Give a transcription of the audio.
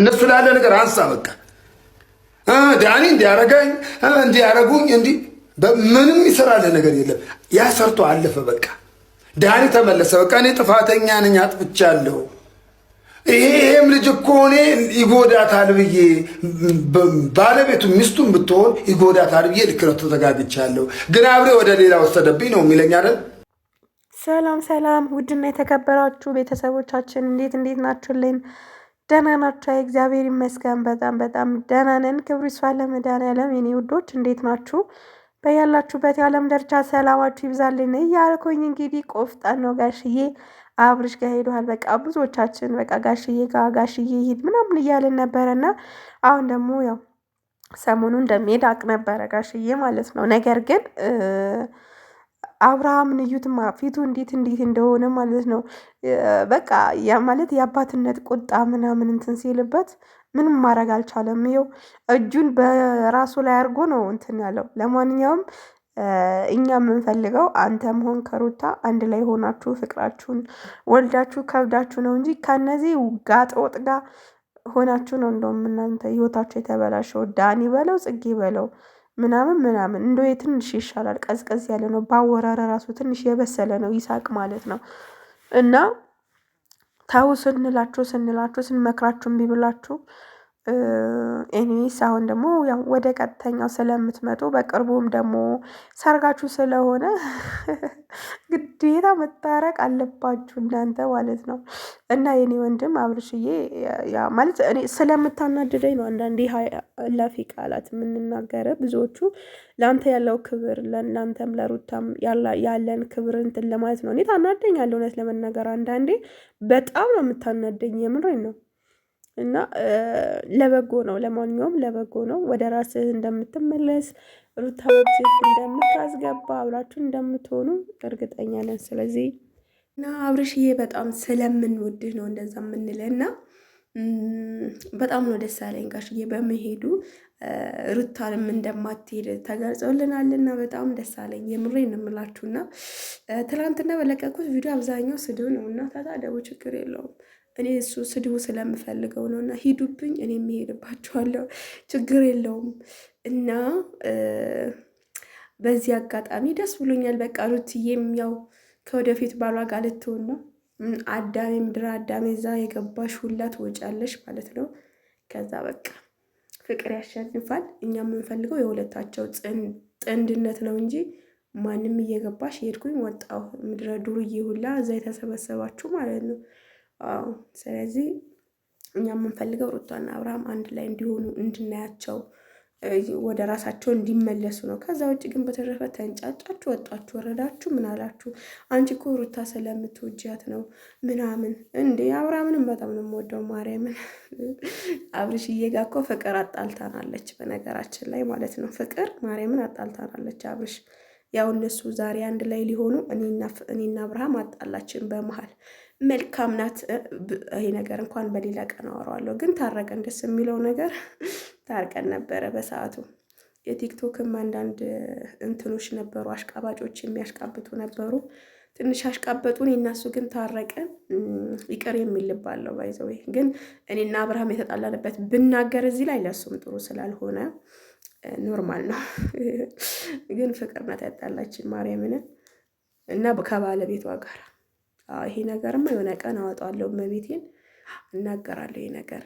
እነሱ ላለ ነገር አንሳ። በቃ ዳኒ እንዲያረጋኝ እንዲያረጉኝ እንዲ ምንም ይሰራለ ነገር የለም። ያ ሰርቶ አለፈ። በቃ ዳኒ ተመለሰ። በቃ እኔ ጥፋተኛ ነኝ፣ አጥፍቻለሁ። ይሄም ልጅ እኮ እኔ ይጎዳታል ብዬ ባለቤቱ ሚስቱን ብትሆን ይጎዳታል ብዬ ልክ ነው፣ ተዘጋግቻለሁ። ግን አብሬ ወደ ሌላ ወሰደብኝ ነው የሚለኝ አይደል? ሰላም ሰላም፣ ውድና የተከበራችሁ ቤተሰቦቻችን እንዴት እንዴት ናችሁልኝ? ደህና ናቸው። እግዚአብሔር ይመስገን በጣም በጣም ደህና ነን። ክብሩ ይስፋ ለመድኃኒዓለም። የኔ ውዶች እንዴት ናችሁ? በያላችሁበት የዓለም ደርቻ ሰላማችሁ ይብዛልን እያልኩኝ እንግዲህ ቆፍጣን ነው ጋሽዬ አብርሽ ጋር ሄደዋል። በቃ ብዙዎቻችን በቃ ጋሽዬ ጋር ጋሽዬ ሂድ ምናምን እያልን ነበረና አሁን ደግሞ ያው ሰሞኑ እንደሚሄድ አቅ ነበረ ጋሽዬ ማለት ነው ነገር ግን አብርሃምን እዩትማ ፊቱ እንዴት እንዴት እንደሆነ ማለት ነው። በቃ ያ ማለት የአባትነት ቁጣ ምናምን እንትን ሲልበት ምንም ማድረግ አልቻለም። ይኸው እጁን በራሱ ላይ አድርጎ ነው እንትን ያለው። ለማንኛውም እኛ የምንፈልገው አንተም ሆን ከሩታ አንድ ላይ ሆናችሁ ፍቅራችሁን ወልዳችሁ ከብዳችሁ ነው እንጂ ከነዚህ ጋጠ ጋር ሆናችሁ ነው እንደውም እናንተ ህይወታችሁ የተበላሸው። ዳኒ በለው ጽጌ በለው ምናምን ምናምን እንደው ትንሽ ይሻላል። ቀዝቀዝ ያለ ነው በአወራረ ራሱ ትንሽ የበሰለ ነው ይሳቅ ማለት ነው። እና ተው ስንላችሁ ስንላችሁ ስንመክራችሁ እምቢ ብላችሁ ኤኒዌይስ አሁን ደግሞ ያው ወደ ቀጥተኛው ስለምትመጡ በቅርቡም ደግሞ ሰርጋችሁ ስለሆነ ግዴታ መታረቅ አለባችሁ እናንተ ማለት ነው። እና የኔ ወንድም አብርሽዬ ማለት እኔ ስለምታናድደኝ ነው አንዳንዴ ላፊ ቃላት የምንናገረ ብዙዎቹ ለአንተ ያለው ክብር ለእናንተም ለሩታም ያለን ክብር እንትን ለማለት ነው። እኔ ታናደኛለህ እውነት ለመናገር አንዳንዴ በጣም ነው የምታናደኝ የምሬን ነው። እና ለበጎ ነው። ለማንኛውም ለበጎ ነው። ወደ ራስህ እንደምትመለስ ሩታ እንደምታስገባ አብራችሁ እንደምትሆኑ እርግጠኛ ነን። ስለዚህ እና አብርሽዬ በጣም ስለምንወድህ ነው እንደዛ የምንለ እና በጣም ነው ደስ ያለኝ ጋሽዬ በመሄዱ ሩታንም እንደማትሄድ ተገልጾልናልና በጣም ደስ አለኝ። የምሬ እንምላችሁና ትላንትና በለቀኩት ቪዲዮ አብዛኛው ስድብ ነው እና ተሳደቡ፣ ችግር የለውም። እኔ እሱ ስድቡ ስለምፈልገው ነው። እና ሂዱብኝ፣ እኔ የሚሄድባቸዋለሁ ችግር የለውም። እና በዚህ አጋጣሚ ደስ ብሎኛል። በቃ ሩትዬም ያው ከወደፊት ባሏ ጋር ልትሆን ነው። አዳሜ ምድረ አዳሜ እዛ የገባሽ ሁላ ትወጫለሽ ማለት ነው። ከዛ በቃ ፍቅር ያሸንፋል። እኛ የምንፈልገው የሁለታቸው ጥንድነት ነው እንጂ ማንም እየገባሽ ሄድኩኝ ወጣሁ ምድረ ዱርዬ ሁላ እዛ የተሰበሰባችሁ ማለት ነው። አዎ። ስለዚህ እኛ የምንፈልገው ሩታና አብርሃም አንድ ላይ እንዲሆኑ እንድናያቸው ወደ ራሳቸው እንዲመለሱ ነው። ከዛ ውጭ ግን በተረፈ ተንጫጫችሁ፣ ወጣችሁ፣ ወረዳችሁ፣ ምን አላችሁ? አንቺ እኮ ሩታ ስለምትወጃት ነው ምናምን። እንዴ አብርሃምንም በጣም ነው የምወደው። ማርያምን አብርሽዬ ጋ እኮ ፍቅር አጣልታናለች፣ በነገራችን ላይ ማለት ነው። ፍቅር ማርያምን አጣልታናለች አብርሽ ያው እነሱ ዛሬ አንድ ላይ ሊሆኑ እኔና አብርሃም አጣላችን በመሀል መልካም ናት። ይሄ ነገር እንኳን በሌላ ቀን አወራዋለሁ፣ ግን ታረቀን። ደስ የሚለው ነገር ታርቀን ነበረ በሰዓቱ። የቲክቶክም አንዳንድ እንትኖች ነበሩ፣ አሽቃባጮች የሚያሽቃብጡ ነበሩ። ትንሽ አሽቃበጡን። የእናሱ ግን ታረቀ ይቅር የሚልባለው ልብ ባይዘዌ ግን እኔና አብርሃም የተጣላንበት ብናገር እዚህ ላይ ለሱም ጥሩ ስላልሆነ ኖርማል ነው። ግን ፍቅር ናት ያጣላችን ማርያምን እና ከባለቤቷ ጋር ይሄ ነገርማ የሆነ ቀን አወጣዋለሁ መቤቴን እናገራለሁ ይሄ ነገር